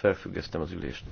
felfüggesztem az ülést.